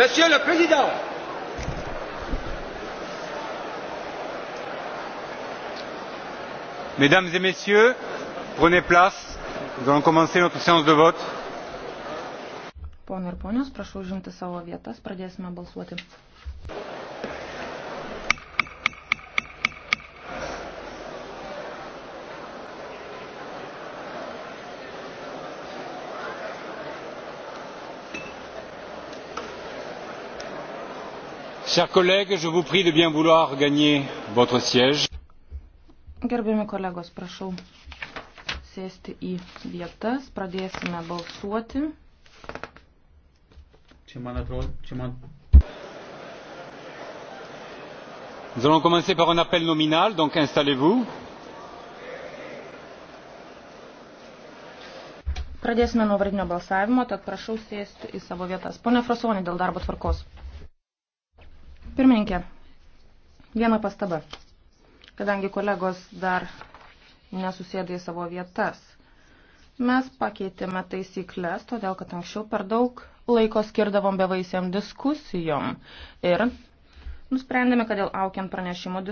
Monsieur le Président, Mesdames et Messieurs, prenez place. Nous allons commencer notre séance de vote. Pone ir ponios, prašau žimti savo vietas, pradėsime balsuoti. Chers collègues, je vous prie de bien vouloir gagner votre siège. Gerbiami kolegos, prašau sėsti į vietas, pradėsime balsuoti. Čia man atrodo, čia man. Nous allons commencer par un appel nominal, donc installez-vous. Pradėsime nuo vardinio balsavimo, tad prašau sėsti į savo vietas. Pone Frasonį, dėl darbo tvarkos. Pirmininkė, viena pastaba, kadangi kolegos dar nesusėdė į savo vietas. Mes pakeitėme taisyklės, todėl kad anksčiau per daug laiko skirdavom bevaisiam diskusijom ir nusprendėme, kad dėl aukiant pranešimo diskusijom.